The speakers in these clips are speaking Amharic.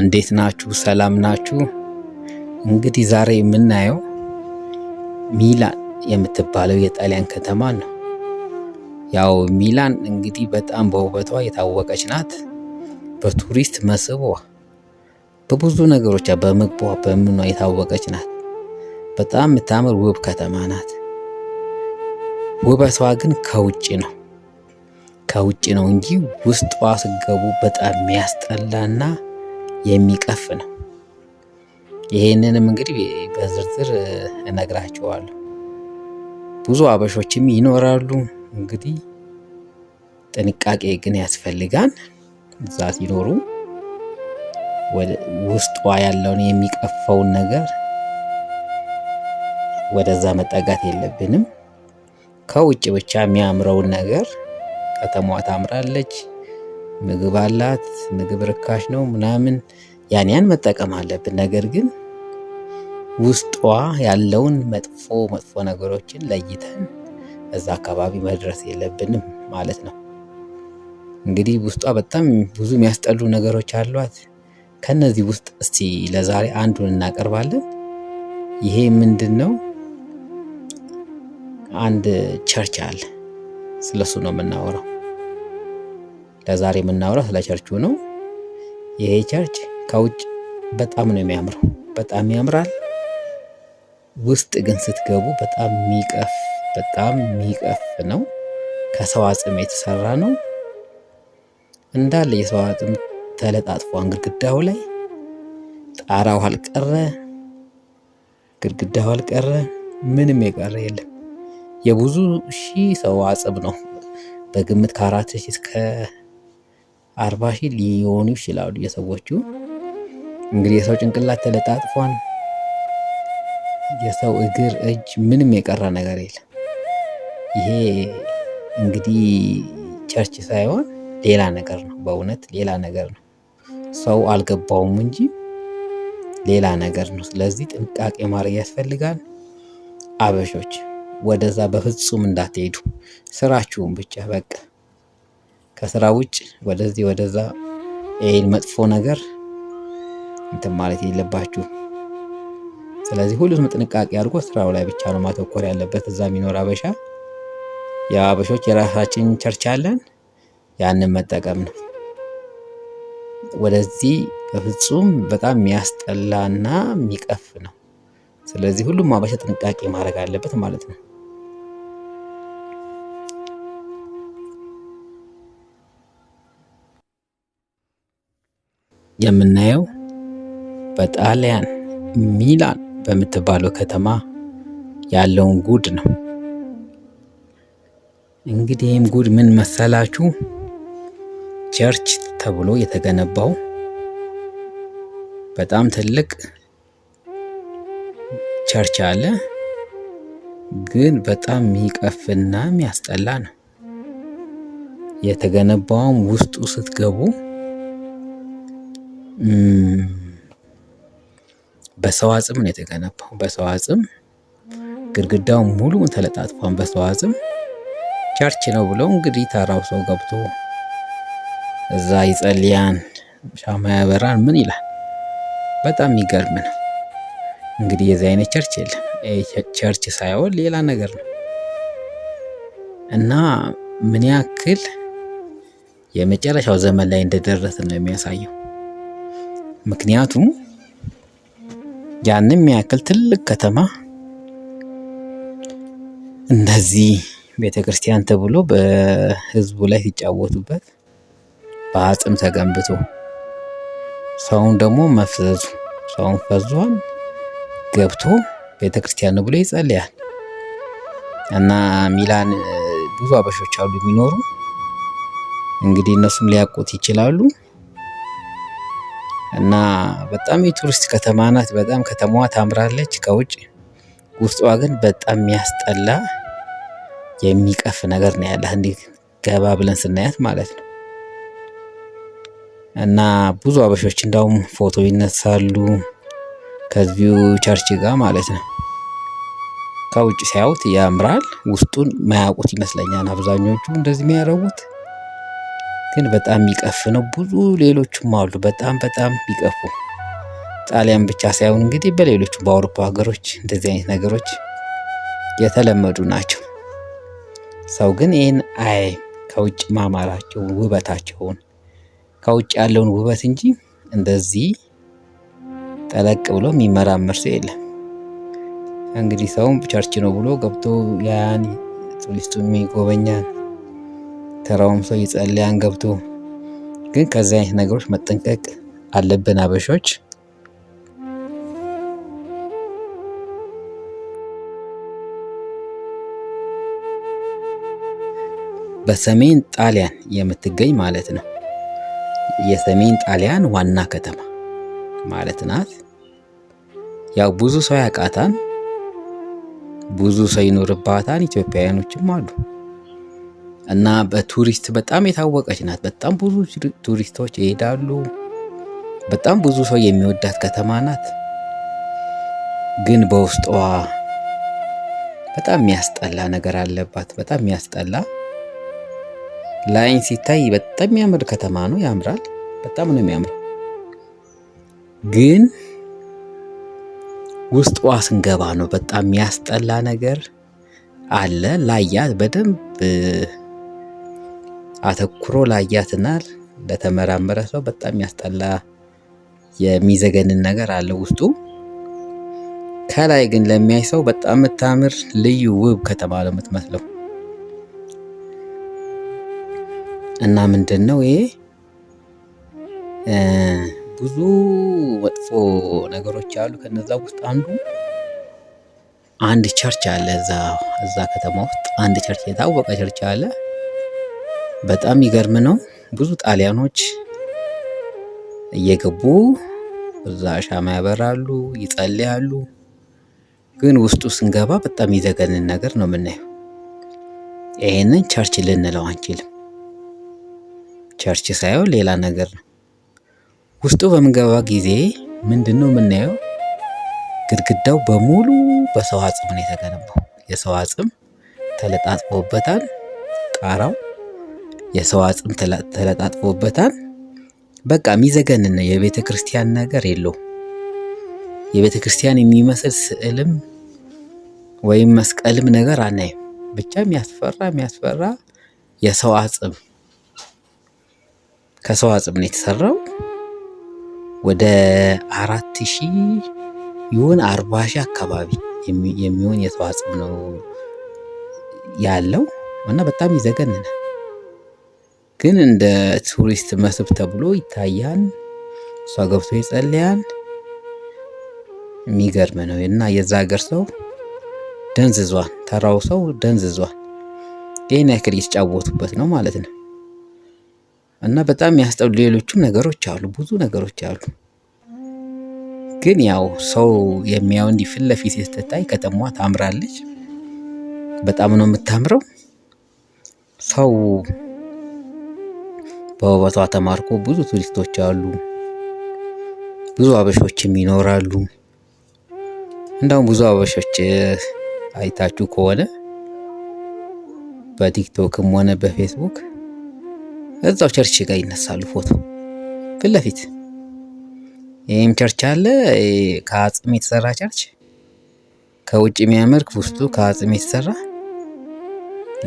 እንዴት ናችሁ? ሰላም ናችሁ? እንግዲህ ዛሬ የምናየው ሚላን የምትባለው የጣሊያን ከተማ ነው። ያው ሚላን እንግዲህ በጣም በውበቷ የታወቀች ናት። በቱሪስት መስህቧ፣ በብዙ ነገሮቿ፣ በምግቧ፣ በምኗ የታወቀች ናት። በጣም የምታምር ውብ ከተማ ናት። ውበቷ ግን ከውጭ ነው ከውጭ ነው እንጂ ውስጧ ስገቡ በጣም የሚያስጠላና የሚቀፍ ነው። ይሄንንም እንግዲህ በዝርዝር እነግራቸዋለሁ ብዙ አበሾችም ይኖራሉ። እንግዲህ ጥንቃቄ ግን ያስፈልጋል። እዛ ሲኖሩ ውስጧ ያለውን የሚቀፈውን ነገር ወደዛ መጠጋት የለብንም። ከውጭ ብቻ የሚያምረውን ነገር ከተማዋ ታምራለች። ምግብ አላት፣ ምግብ ርካሽ ነው ምናምን ያን ያን መጠቀም አለብን። ነገር ግን ውስጧ ያለውን መጥፎ መጥፎ ነገሮችን ለይተን እዛ አካባቢ መድረስ የለብንም ማለት ነው። እንግዲህ ውስጧ በጣም ብዙ የሚያስጠሉ ነገሮች አሏት። ከነዚህ ውስጥ እስቲ ለዛሬ አንዱን እናቀርባለን። ይሄ ምንድን ነው? አንድ ቸርች አለ። ስለሱ ነው የምናወራው። ለዛሬ የምናወራው ስለ ቸርቹ ነው። ይሄ ቸርች ከውጭ በጣም ነው የሚያምረው፣ በጣም ያምራል። ውስጥ ግን ስትገቡ በጣም የሚቀፍ በጣም የሚቀፍ ነው። ከሰው አጽም የተሰራ ነው እንዳለ የሰው አጽም ተለጣጥፏን ግድግዳው ላይ ጣራው አልቀረ፣ ግድግዳው አልቀረ፣ ምንም የቀረ የለም። የብዙ ሺህ ሰው አጽም ነው በግምት ከአራት ሺህ እስከ አርባ ሺህ ሊሆኑ ይችላሉ የሰዎቹ። እንግዲህ የሰው ጭንቅላት ተለጣጥፏል። የሰው እግር፣ እጅ፣ ምንም የቀረ ነገር የለም። ይሄ እንግዲህ ቸርች ሳይሆን ሌላ ነገር ነው። በእውነት ሌላ ነገር ነው። ሰው አልገባውም እንጂ ሌላ ነገር ነው። ስለዚህ ጥንቃቄ ማድረግ ያስፈልጋል። አበሾች ወደዛ በፍጹም እንዳትሄዱ፣ ስራችሁን ብቻ በቃ ከስራ ውጭ ወደዚህ ወደዛ ይሄን መጥፎ ነገር እንትን ማለት የለባችሁ። ስለዚህ ሁሉም ጥንቃቄ አድርጎ ስራው ላይ ብቻ ነው ማተኮር ያለበት። እዛ የሚኖር አበሻ የአበሾች የራሳችን ቸርች አለን፣ ያንን መጠቀም ነው። ወደዚህ በፍጹም በጣም የሚያስጠላና የሚቀፍ ነው። ስለዚህ ሁሉም አበሻ ጥንቃቄ ማድረግ አለበት ማለት ነው። የምናየው በጣሊያን ሚላን በምትባለው ከተማ ያለውን ጉድ ነው። እንግዲህ ይህም ጉድ ምን መሰላችሁ? ቸርች ተብሎ የተገነባው በጣም ትልቅ ቸርች አለ። ግን በጣም የሚቀፍና የሚያስጠላ ነው የተገነባውም ውስጡ ስትገቡ በሰው አጽም ነው የተገነባው። በሰው አጽም ግድግዳው ሙሉውን ተለጣጥፏን በሰው አጽም ቸርች ነው ብለው እንግዲህ ተራው ሰው ገብቶ እዛ ይጸልያን፣ ሻማ ያበራን። ምን ይላል? በጣም የሚገርም ነው። እንግዲህ የዚህ አይነት ቸርች የለም። ቸርች ሳይሆን ሌላ ነገር ነው እና ምን ያክል የመጨረሻው ዘመን ላይ እንደደረስ ነው የሚያሳየው። ምክንያቱም ያን ያክል ትልቅ ከተማ እንደዚህ ቤተ ክርስቲያን ተብሎ በህዝቡ ላይ ሲጫወቱበት በአጽም ተገንብቶ ሰውን ደግሞ መፍዘዙ ሰውን ፈዟን ገብቶ ቤተ ክርስቲያን ብሎ ይጸልያል እና ሚላን ብዙ አበሾች አሉ የሚኖሩ እንግዲህ እነሱም ሊያውቁት ይችላሉ። እና በጣም የቱሪስት ከተማ ናት። በጣም ከተማዋ ታምራለች ከውጭ ውስጧ ግን በጣም የሚያስጠላ የሚቀፍ ነገር ነው ያለ እንዲህ ገባ ብለን ስናያት ማለት ነው። እና ብዙ አበሾች እንዳውም ፎቶ ይነሳሉ ከዚሁ ቸርች ጋር ማለት ነው። ከውጭ ሲያዩት ያምራል፣ ውስጡን ማያውቁት ይመስለኛል አብዛኞቹ እንደዚህ የሚያደርጉት። ግን በጣም የሚቀፍ ነው። ብዙ ሌሎችም አሉ በጣም በጣም የሚቀፉ ጣሊያን ብቻ ሳይሆን እንግዲህ በሌሎች በአውሮፓ ሀገሮች እንደዚህ አይነት ነገሮች የተለመዱ ናቸው። ሰው ግን ይህን አይ ከውጭ ማማራቸውን ውበታቸውን ከውጭ ያለውን ውበት እንጂ እንደዚህ ጠለቅ ብሎ የሚመራመር ሰው የለም። እንግዲህ ሰውም ቸርች ነው ብሎ ገብቶ ያን ቱሪስቱ የሚጎበኛል ተራውም ሰው ይጸልያን ገብቶ። ግን ከዚህ አይነት ነገሮች መጠንቀቅ አለብን አበሾች። በሰሜን ጣሊያን የምትገኝ ማለት ነው። የሰሜን ጣሊያን ዋና ከተማ ማለት ናት። ያው ብዙ ሰው ያውቃታል፣ ብዙ ሰው ይኖርባታል። ኢትዮጵያውያኖችም አሉ። እና በቱሪስት በጣም የታወቀች ናት። በጣም ብዙ ቱሪስቶች ይሄዳሉ። በጣም ብዙ ሰው የሚወዳት ከተማ ናት። ግን በውስጧ በጣም የሚያስጠላ ነገር አለባት። በጣም የሚያስጠላ ላይን ሲታይ በጣም የሚያምር ከተማ ነው። ያምራል። በጣም ነው የሚያምር ግን ውስጧ ስንገባ ነው በጣም የሚያስጠላ ነገር አለ። ላያ በደንብ አተኩሮ ላያትና ለተመራመረ ሰው በጣም ያስጠላ የሚዘገንን ነገር አለ ውስጡ። ከላይ ግን ለሚያይ ሰው በጣም የምታምር ልዩ ውብ ከተማ ነው የምትመስለው። እና ምንድን ነው ይሄ ብዙ መጥፎ ነገሮች አሉ። ከነዛ ውስጥ አንዱ አንድ ቸርች አለ እዛ ከተማ ውስጥ አንድ ቸርች የታወቀ ቸርች አለ። በጣም ይገርም ነው። ብዙ ጣሊያኖች እየገቡ እዛ ሻማ ያበራሉ፣ ይጸልያሉ። ግን ውስጡ ስንገባ በጣም ይዘገንን ነገር ነው የምናየው። ይሄንን ቸርች ልንለው አንችልም። ቸርች ሳይሆን ሌላ ነገር ነው። ውስጡ በምንገባ ጊዜ ምንድን ነው የምናየው? ግድግዳው በሙሉ በሰው አጽም ነው የተገነባው። የሰው አጽም ተለጣጥፎበታል ጣራው የሰው አጽም ተለጣጥፎበታል። በቃ የሚዘገንን የቤተ ክርስቲያን ነገር የለው። የቤተ ክርስቲያን የሚመስል ስዕልም ወይም መስቀልም ነገር አናይም። ብቻ የሚያስፈራ የሚያስፈራ የሰው አጽም ከሰው አጽም ነው የተሰራው። ወደ አራት ሺህ ይሁን አርባ ሺህ አካባቢ የሚሆን የሰው አጽም ነው ያለው እና በጣም ይዘገንናል። ግን እንደ ቱሪስት መስህብ ተብሎ ይታያል። እሷ ገብቶ ይጸልያል። የሚገርም ነው እና የዛ ሀገር ሰው ደንዝዟል። ተራው ሰው ደንዝዟል። ይህን ያክል እየተጫወቱበት ነው ማለት ነው። እና በጣም ያስጠው ሌሎችም ነገሮች አሉ፣ ብዙ ነገሮች አሉ። ግን ያው ሰው የሚያው እንዲህ ፊት ለፊት ስትታይ ከተማዋ ታምራለች። በጣም ነው የምታምረው ሰው በውበቷ ተማርኮ ብዙ ቱሪስቶች አሉ። ብዙ አበሾችም ይኖራሉ። እንደውም ብዙ አበሾች አይታችሁ ከሆነ በቲክቶክም ሆነ በፌስቡክ እዛው ቸርች ጋር ይነሳሉ ፎቶ ፊት ለፊት። ይህም ቸርች አለ ከአጽም የተሰራ ቸርች ከውጭ የሚያምር ውስጡ ከአጽም የተሰራ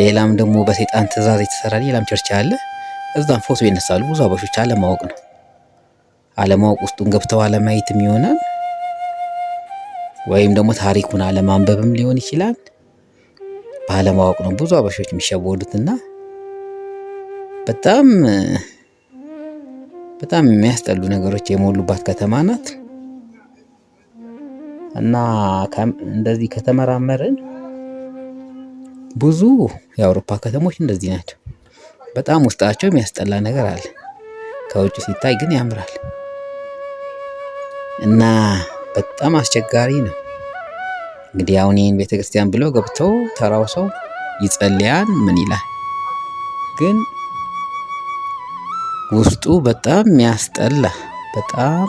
ሌላም ደግሞ በሴጣን ትእዛዝ የተሰራ ሌላም ቸርች አለ። እዛም ፎቶ ይነሳሉ። ብዙ አበሾች አለማወቅ ነው አለማወቅ ውስጡን ገብተው አለማየትም ይሆናል ወይም ደግሞ ታሪኩን አለማንበብም ሊሆን ይችላል። ባለማወቅ ነው ብዙ አበሾች የሚሸወዱትና በጣም በጣም የሚያስጠሉ ነገሮች የሞሉባት ከተማ ናት እና እንደዚህ ከተመራመርን ብዙ የአውሮፓ ከተሞች እንደዚህ ናቸው። በጣም ውስጣቸው የሚያስጠላ ነገር አለ። ከውጭ ሲታይ ግን ያምራል እና በጣም አስቸጋሪ ነው። እንግዲህ አሁን ይህን ቤተ ክርስቲያን ብሎ ገብቶ ተራው ሰው ይጸልያል፣ ምን ይላል፣ ግን ውስጡ በጣም የሚያስጠላ በጣም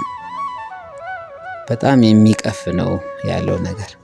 በጣም የሚቀፍ ነው ያለው ነገር።